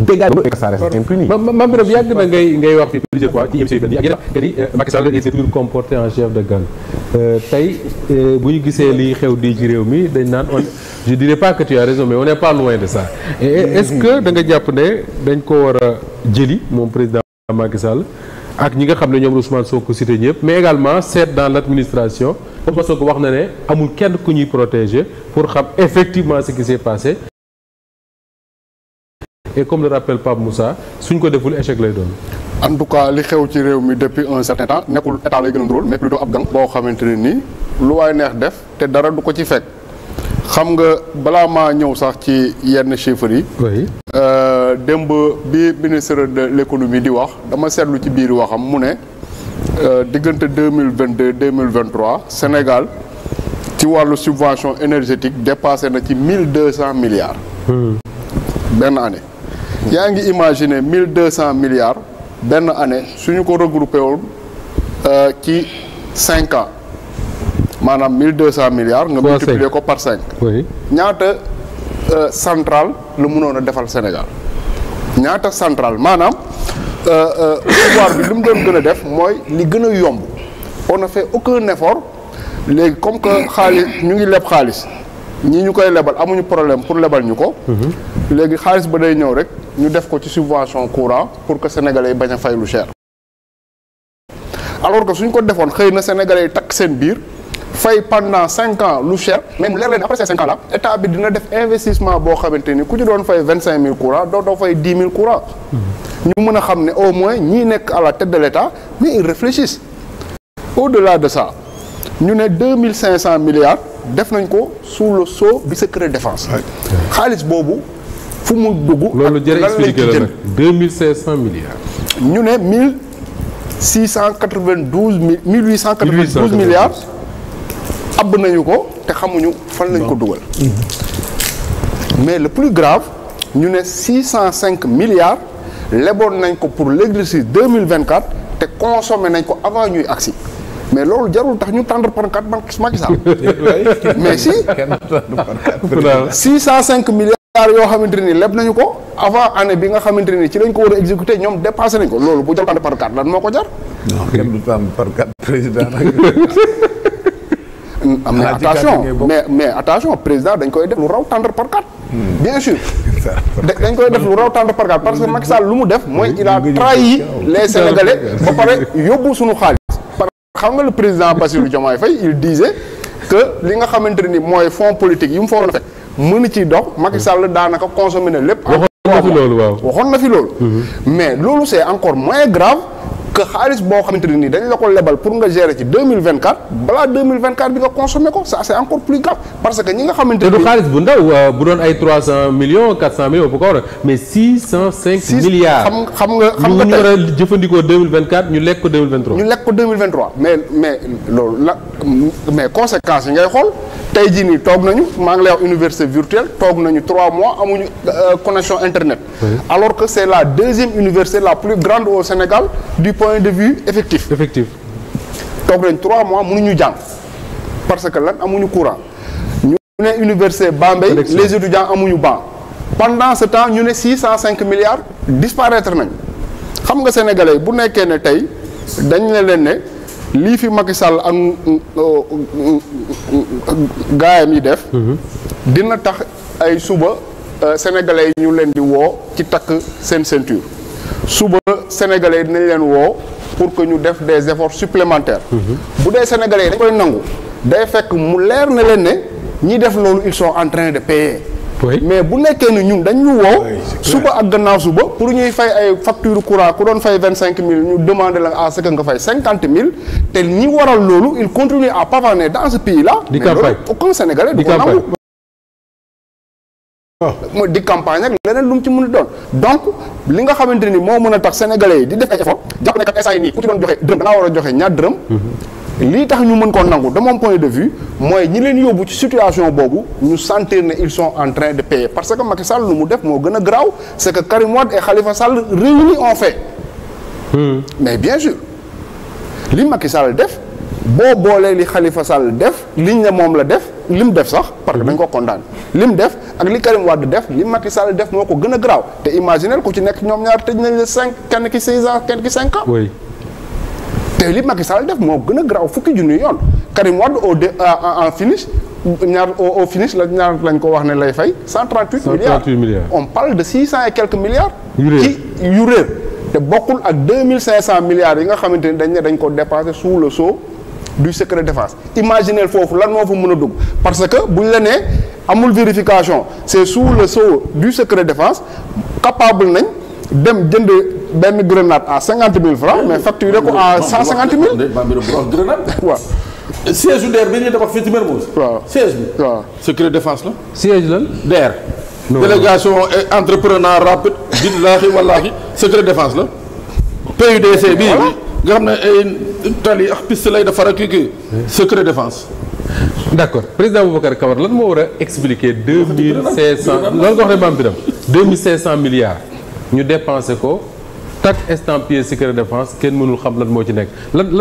dégâts d'eau et que ça reste yàgg na ngay ngay wax fi plusieurs fois ci euh, en chef de gang euh, tey euh, bu ñu gisee li xew di ci réew mi dañ naan on je dirais pas que tu as raison loin de ça et est-ce que da nga jàpp ne dañ ko war a jëli moom président Macky Sall ak ñi nga xam ne ñoom Ousmane Sonko cité ñëpp mais également seet dans l'administration Ousmane Sonko wax na ne amul kenn ku ñuy protéger pour xam effectivement ce qui s'est passé et comme le rappelle Pape Moussa suñ ko deful échec lay doon. en tout cas li xew ci réew mi depuis un certain temps nekkul état lay gën a drôle mais plutôt ab gang boo xamante ne nii lu waay neex def te dara du ko ci fekk xam nga balaa maa ñëw sax ci yenn chiffres yi. oui euh, démb bi ministre de l' économie di wax dama seetlu ci biir waxam mu ne euh, diggante deux mille vingt deux deux mille vingt Sénégal ci wàllu subvention énergétique dépassé na ci mille deux cent milliards. Hmm. benn année. yaa ngi imaginer mille deux cent milliards benn année ñu ko regroupé woon euh, ci cinq ans maanaam mille deux cent milliards nga multiplier ko par cinq ñaata euh, central la mënoon defal Sénégal ñaata central maanaam euh, pouvoir li mu doon gën a def mooy li gën a yomb on a fait aucun effort léegi comme que xaalis ñu ngi leb xaalis ñii ñu koy lebal amuñu problème pour lebal ñu ko. Mhm. léegi xaalis ba day ñëw rek ñu def ko ci subvention courant pour que sénégalais yi bañ fay lu cher. alors que suñ ko defoon xëy na sénégalais yi takk seen biir fay pendant cinq ans lu cher mais mu leer leen après ces cinq ans état bi dina def investissement boo xamante ni ku ci doon fay vingt cinq mille courant doo doo fay dix mille courant. Mhm. ñu mën a xam ne au moins ñii nekk à la tête de l' état mais ils réfléchissent de ça. ñu ne deux mille cinq cent milliards def nañ ko sous le sceau du secret défense. xaalis boobu fu mu dugg. loolu jërë expliqué la nag mille cinq cent milliards. ñu ne mille six cent quatre vingt douze mille mille huit cent quatre vingt douze milliards. abb nañu ko te xamuñu fan lañ ko dugal. mais le plus grave ñu ne six cent cinq milliards leboon nañ ko pour l' exercice deux mille vingt quatre te consommé nañ ko avant ñuy agsi mais loolu jarul tax ñu tendre par quatre banques Macky Sall mais si. six milliards yoo xamante ni leb nañu ko avant année bi nga xamante ni ci lañ ko war a exécuter ñoom dépassé nañ ko loolu bu jarul tendre par quatre lan moo ko jar. non kenn du tendre par quatre président attention mais mais attention président dañ koy def lu raw tendre par quatre. bien sûr dañ koy def lu raw tendre par quatre parce que Macky Sall lu mu def mooy il a trahi les Sénégalais ba pare yóbbu suñu xaalis. xam nga le président Bassirou Diomaye Faye il disait que li nga xamante ni mooy fonds politique yi mu foog na fekk mënu ciy dox. Macky Sall daanaka consommé na lépp. waxoon na fi loolu waaw waxoon na fi loolu. Mhm. mais loolu c'est encore moins grave. que xaalis boo xamante ne nii dañ la ko lebal pour nga gérer ci 2024 balaa 2024 bi nga consommé ko ça c'est encore plus grave parce que ñi nga xamante ne du xaalis bu ndaw euh, bu doon ay millions 400 ko war a mais 605 milliards xam xam nga xam nga tey ñu war a mais mais loolu la mais conséquences yi ngay xool tey jii nii toog nañu maa ngi lay wax université virtuelle toog nañu trois mois amuñu euh, connexion internet. alors que c' la deuxième université la plus grande au Sénégal du point de vue effectif. effectif toog nañ trois mois ñu jàng parce que lan amuñu courant ñu ne université Bambey les étudiants amuñu banc. pendant ce temps ñu ne six cent cinq milliards disparaître nañ xam nga sénégalais bu nekkee ne tey dañ ne leen ne. lii fi Macky Sall ak gaayam yi def. Mhm. dina tax ay suba euh, sénégalais yi ñu leen di woo ci takk seen ceinture suba sénégalais yi dinañ leen woo pour que ñu def des efforts supplémentaires. Mhm. bu dee sénégalais yi dañ koy nangu day fekk mu leer na leen ne ñi def loolu ils sont en de payer. mais bu nekkee ni ñun dañ ñu woo suba ak gannaaw suba pour ñuy fay ay facture courant ku doon fay vingt cinq mille ñu demander la à ce que nga fay cinquante mille te ñi waral loolu il continue à pavaner dans ce pays là mais loolu aucun sénégalais du ko nangu ah. moo di campagne ak leneen lu mu ci mën a doon donc li nga xamante ni moo mën a tax sénégalais yi di def ay effort jàpp ne kat essay nii ku ci doon joxe dërëm da war a joxe ñaar dërëm mm-hmm. lii tax ñu mën ko nangu de point de vue mooy ñi leen yóbbu ci situation boobu ñu sentir ne ils sont en de payer parce que Macky Sall lu mu def moo gën a graaw c'est que Karim Wade et Khalifa Sall réunis ont fait. Mmh. mais bien sûr li Macky Sall def boo boolee li Khalifa Sall def liñ ne moom la def lim def sax parce que hmm. dañ ko condamné lim def ak li Karim Wade def li Macky Sall def moo ko gën a graaw te imaginer ku ci nekk ñoom ñaar tëj nañ la cinq kenn ki six ans kenn ki cinq ans. Oui. te li Macky Sall def moo gën a garaaw fukki junni yoon Karim Wade au de euh, en finish ñaar au finish la ñaar lañ ko wax ne lay fay. 138 milliards 138 milliards. on parle de 600 et quelques milliards. yu réer ci yu réer te bokkul ak milliards yi nga xamante ne dañ ne dañ ko dépensé sous le sceau du secret défense imaginez foofu lan moo fa mën a dugg parce que buñ la nee amul vérification c'est sous le sceau du secret défense capable nañ dem jënd. benn grenade à cinquante mille francs mais facturé ko à cent cinquante mille. grenade. waaw. siège su DER bi ñu defar fii ci Mermoz. waaw siège bi. waaw secret la. siège lan DER. délégation entrepreneur rapide. billaahi wallaahi secret défense la. PUDC bii. nga xam ne ay tali ak piste lay defar ak kii kii. secret d' accord président Boubacar Camara lan moo war a expliquer cent. loolu nga wax ne maam cinq cent milliards ñu dépensé ko. chaque instant pied secret défense kenn mënul xam lan moo ci nekk